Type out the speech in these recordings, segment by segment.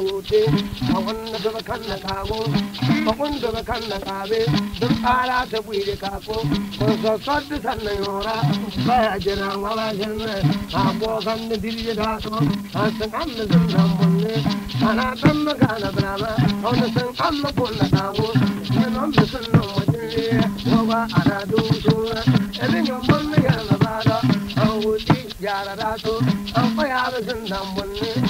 wuce a wanda zuba kan na kago a kun zuba kan na kabe duk tsara ta buɗe kako kun sassar da sannan yora bai a jira wala shirme a kokan da dirje da so a sun an da sun nan bulle ana ɗan magana brama a wani sun an na kun na kago yanon da sun nan wajen ne ba a da dusura ebin yamman na yana ba da an wuce yara da so an fayar sun nan bulle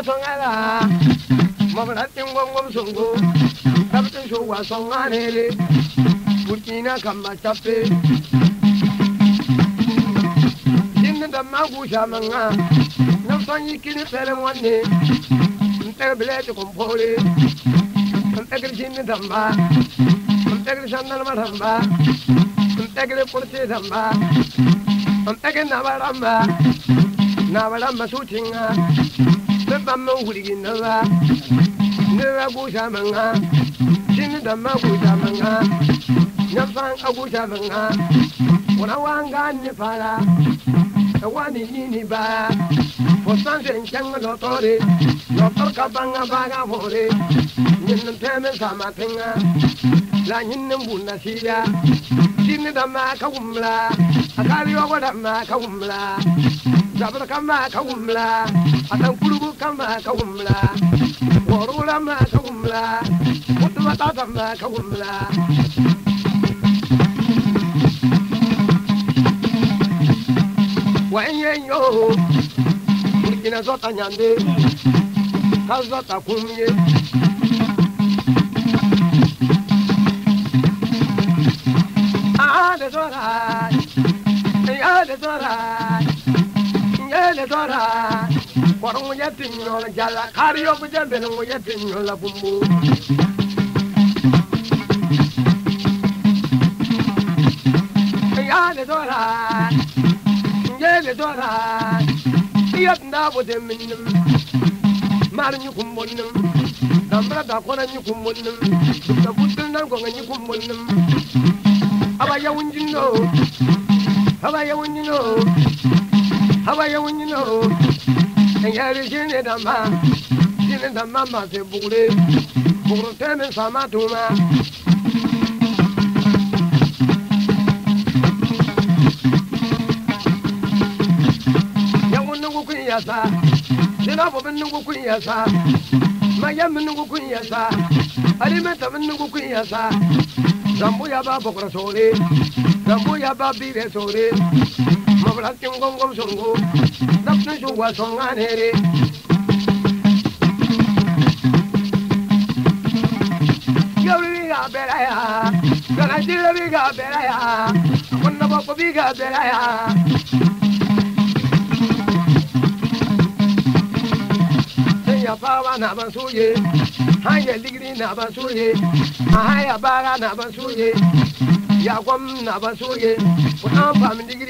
啊送啊啦，我们来听我我们送过，他们说我送啊你哩，不听那干嘛吃呗？今天的马古下门啊，那生意给你带来我呢，你带不来就恐怕哩，你带个今天的马，你带个上那马的马，你带个过去的马，你带个那马的马，那马的马出听啊。bɛ bamma wuligi naba nira gushami ŋa shini damma gushami ŋa nyɛmfan ka gushami wana waangan ni fara ka wani yi ni baa fo sanse n chɛŋ la nyinni bunda siira shini damma ka wumla a kaari yɔgo damma ka wumla kama ka wumla warula ma ka wumla kutuma tata ma ka wumla wẹ́nyẹ́ yóò burkina zọ́ta nyande ká zọ́ta kún yé. Ìyá lè sọ̀rọ̀ ìyá lè sọ̀rọ̀ ìyá lè korongo yeti nyola jala kariyo kujende ngo yeti nyola bumbu yale doran yale doran yat ndabo de minnum mar nyu kumbonnum damra da kona nyu kumbonnum da butul nan ko nyu kumbonnum aba yawunjino aba yawunjino aba yawunjino Nyeri shini damba, shini damba masi bukli, bukli temi sama tuma. Yangu nungu kun yasa, shina bobi nungu kun yasa, mayam nungu kun yasa, alimenta nungu kun yasa. Zambu yaba bukra sore, zambu yaba bibe sore ngom rak tim ngom ngom sungu rak na suwa songa nere yawri ga beraya kana jilri beraya konna bokko bi beraya ya fawa na basuye, soye hanya ligri na basuye, soye haya bara na basuye, soye ya gwam na basuye, soye pam an digiri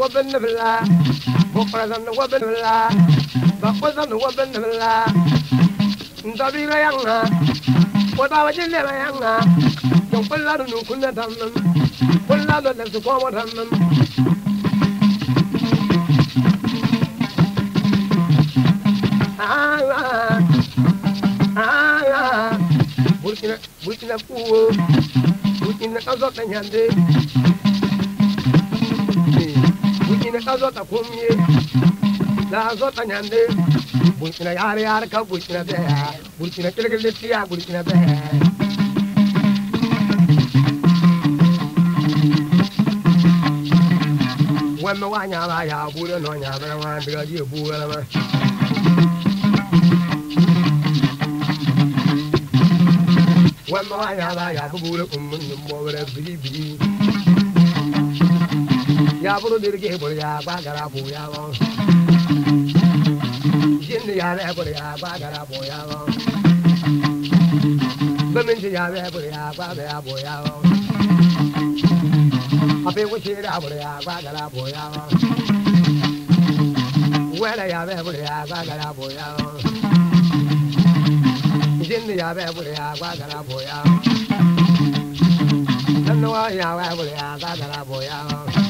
وبنفلا بقرزن وبنفلا بقوزن وبنفلا ندبير يانا وباوجل يانا يوم كل لارو نكون تمم كل لارو نسقوا وتمم Ah, ah, ah, ah. Burkina, Burkina, Burkina, Burkina, Burkina, Burkina, when my wife ta kumye na zo ta nyande burkina yar yar ka burkina da burkina kirgir tiya burkina da wemme wa nya ba ya gure no nya ba wa ya bụrụ dịrị gị bụrụ ya agba gara bụ ya ọ ji ndị ya bịa bụrụ ya agba gara bụ ya ọ gọọmenti ya bịa bụrụ ya agba gara bụ ya ọ ọbịa wụchiri abụrụ ya agba gara bụ ya ọ wẹ́rẹ́ ya bẹ́ẹ̀ bùrẹ̀ ya gbàgàrà bòyá o. Jíndì ya bẹ́ẹ̀ bùrẹ̀ ya gbàgàrà bòyá o. Tẹ́nuwọ́ ya bẹ́ẹ̀ bùrẹ̀ ya gbàgàrà bòyá o.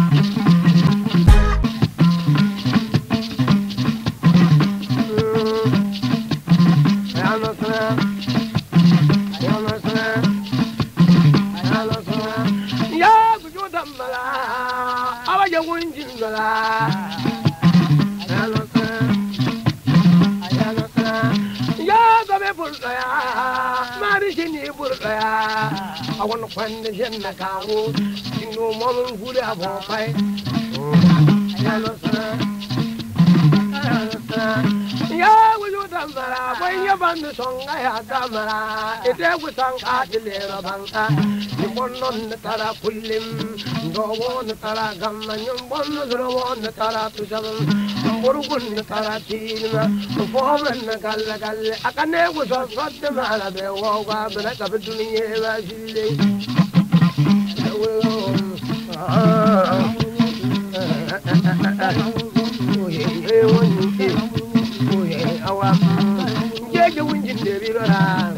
I want to find the Jenna Cow, you know, Mom, who they have all fight. Yeah, we do Damara, when you're the song, I have Damara, if there was some art bonnon tara kullim do won tara gamma nyum bon do won tara tujam murugun tara tinna fohran gal gal akane go so sot mala be wo ga bra ka duniye Oh, yeah, oh, yeah, oh, yeah, oh, yeah, oh, oh, yeah, oh, yeah, oh, yeah, oh, yeah, oh, yeah,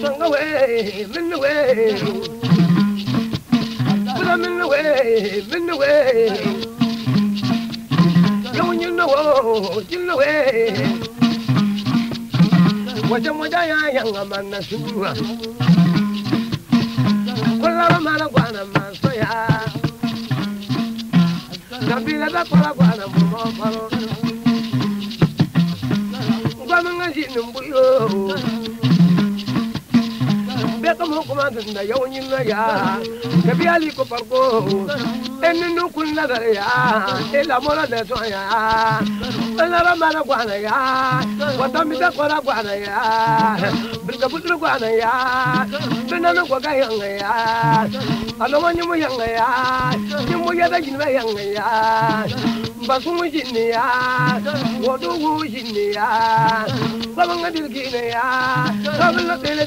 sanga way, minna way. Pula minna way, minna way. Yawu nyinna wo, jinna way. Waja moja ya yanga manna suwa. Kola mala gwana manso ya. Kabila da kola gwana mumo palo. Gwana ngazi numbuyo bekam hukuma gisna yau nyilla ya kabi ko farko en nu kun la da ya ila mona da to ya ala gwana ya wata mi gwana ya bilga gwana ya binan ko yanga ya ala wani yanga ya nyimu ya da yanga ya basumu jinni ya wodu jinni ya babanga dilgina ya babanga